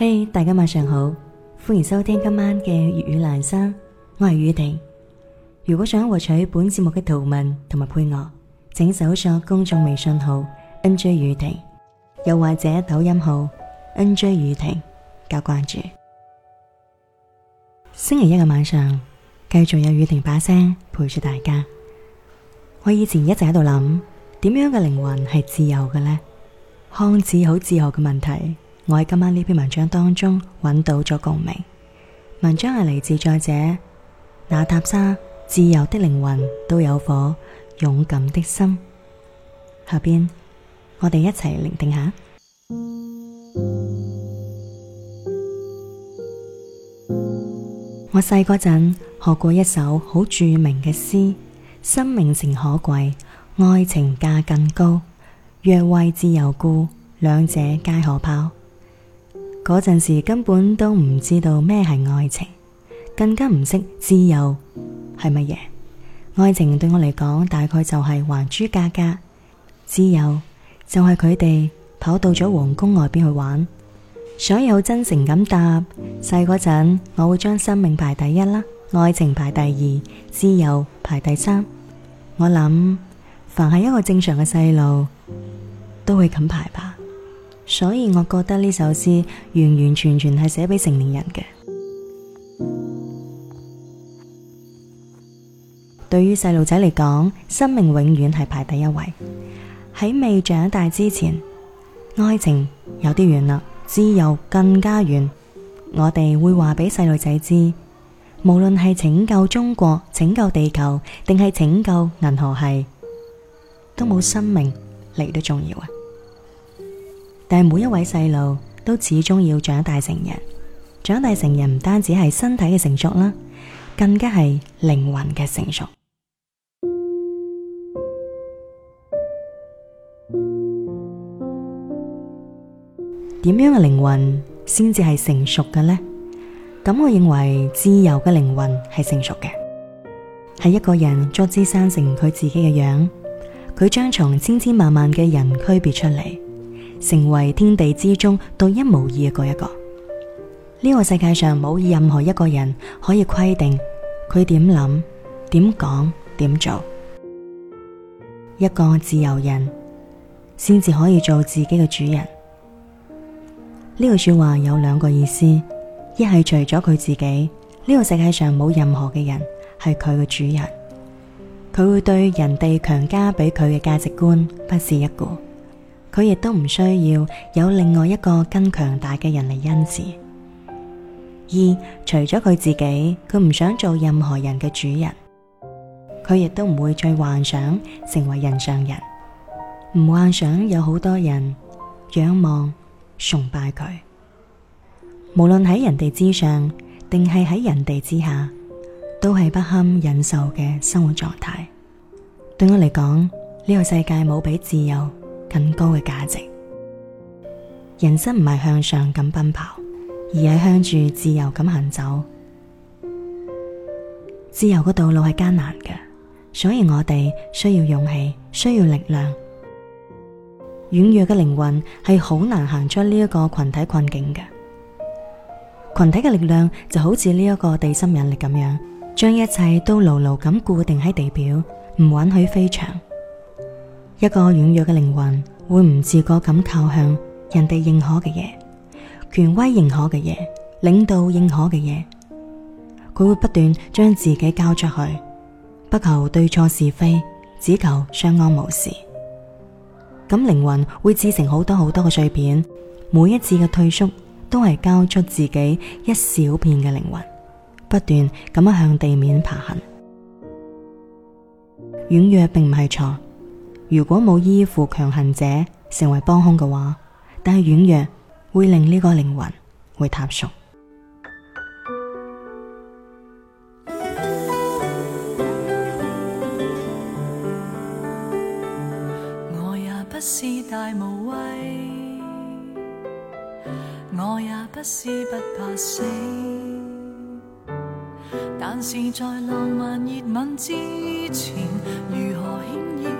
嘿，hey, 大家晚上好，歡迎收聽今晚嘅粵語蘭生，我係宇婷。如果想獲取本節目嘅圖文同埋配樂，請搜索公眾微信號 NJ 宇婷，又或者抖音號 NJ 宇婷，加關注。星期一嘅晚上，繼續有宇婷把聲陪住大家。我以前一直喺度諗，點樣嘅靈魂係自由嘅呢？看似好哲學嘅問題。我喺今晚呢篇文章當中揾到咗共鳴。文章係嚟自作者那塔沙，《自由的靈魂都有顆勇敢的心》。下邊我哋一齊聆聽下。我細嗰陣學過一首好著名嘅詩，《生命誠可貴，愛情價更高，若為自由故，兩者皆可拋》。嗰陣時根本都唔知道咩係愛情，更加唔識自由係乜嘢。愛情對我嚟講，大概就係還珠格格；自由就係佢哋跑到咗皇宮外邊去玩。所以真誠咁答，細嗰陣我會將生命排第一啦，愛情排第二，自由排第三。我諗凡係一個正常嘅細路，都會咁排吧。所以我覺得呢首詩完完全全係寫俾成年人嘅。對於細路仔嚟講，生命永遠係排第一位。喺未長大之前，愛情有啲遠啦，自由更加遠。我哋會話俾細路仔知，無論係拯救中國、拯救地球，定係拯救銀河系，都冇生命嚟得重要啊！但係每一位細路都始終要長大成人，長大成人唔單止係身體嘅成熟啦，更加係靈魂嘅成熟。點 樣嘅靈魂先至係成熟嘅呢？咁我認為自由嘅靈魂係成熟嘅，係一個人作之生成佢自己嘅樣，佢將從千千萬萬嘅人區別出嚟。成為天地之中獨一無二嘅嗰一個，呢個世界上冇任何一個人可以規定佢點諗、點講、點做。一個自由人先至可以做自己嘅主人。呢個說話有兩個意思，一係除咗佢自己，呢個世界上冇任何嘅人係佢嘅主人，佢會對人哋強加俾佢嘅價值觀不屑一顧。佢亦都唔需要有另外一個更強大嘅人嚟恩賜。二除咗佢自己，佢唔想做任何人嘅主人，佢亦都唔會再幻想成為人上人，唔幻想有好多人仰望崇拜佢。無論喺人哋之上定係喺人哋之下，都係不堪忍受嘅生活狀態。對我嚟講，呢個世界冇比自由更高嘅價值，人生唔係向上咁奔跑，而係向住自由咁行走。自由嘅道路係艱難嘅，所以我哋需要勇氣，需要力量。軟弱嘅靈魂係好難行出呢一個群體困境嘅。群體嘅力量就好似呢一個地心引力咁樣，將一切都牢牢咁固定喺地表，唔允許飛翔。一個軟弱嘅靈魂會唔自覺咁靠向人哋認可嘅嘢、權威認可嘅嘢、領導認可嘅嘢，佢會不斷將自己交出去，不求對錯是非，只求相安無事。咁靈魂會製成好多好多嘅碎片，每一次嘅退縮都係交出自己一小片嘅靈魂，不斷咁樣向地面爬行。軟弱並唔係錯。如果冇依附強橫者成為幫兇嘅話，但係軟弱會令呢個靈魂會塌縮。我也不是大無畏，我也不是不怕死，但是在浪漫熱吻之前，如何輕易？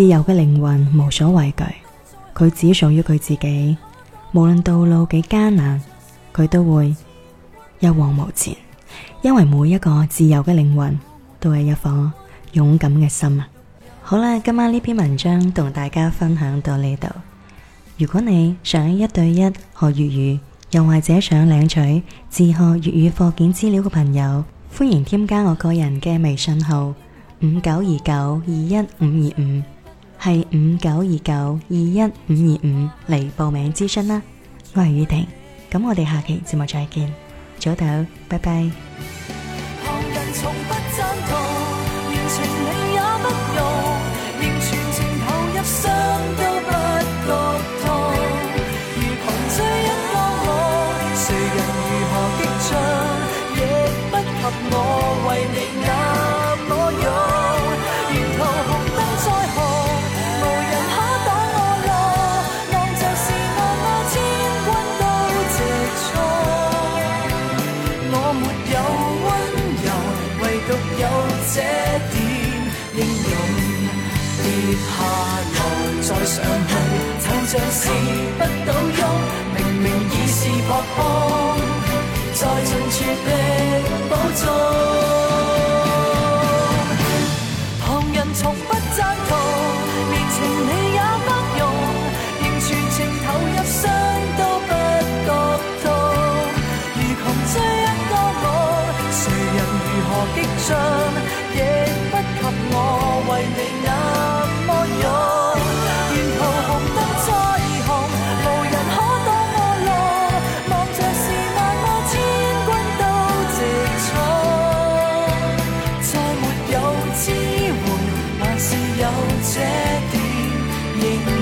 自由嘅靈魂無所畏懼，佢只屬於佢自己。無論道路幾艱難，佢都會一往無前。因為每一個自由嘅靈魂都係一顆勇敢嘅心啊！好啦，今晚呢篇文章同大家分享到呢度。如果你想一對一學粵語，又或者想領取自學粵語課件資料嘅朋友，歡迎添加我個人嘅微信號五九二九二一五二五。係五九二九二一五二五嚟報名諮詢啦，我係宇婷，咁我哋下期節目再見，早唞，拜拜。再上去就像是不倒翁，明明已是撲空，再盡全力補中。旁人從不贊同，連情理也不容，仍全情投入傷都不覺痛。如窮追一個夢，誰人如何激進？有這點。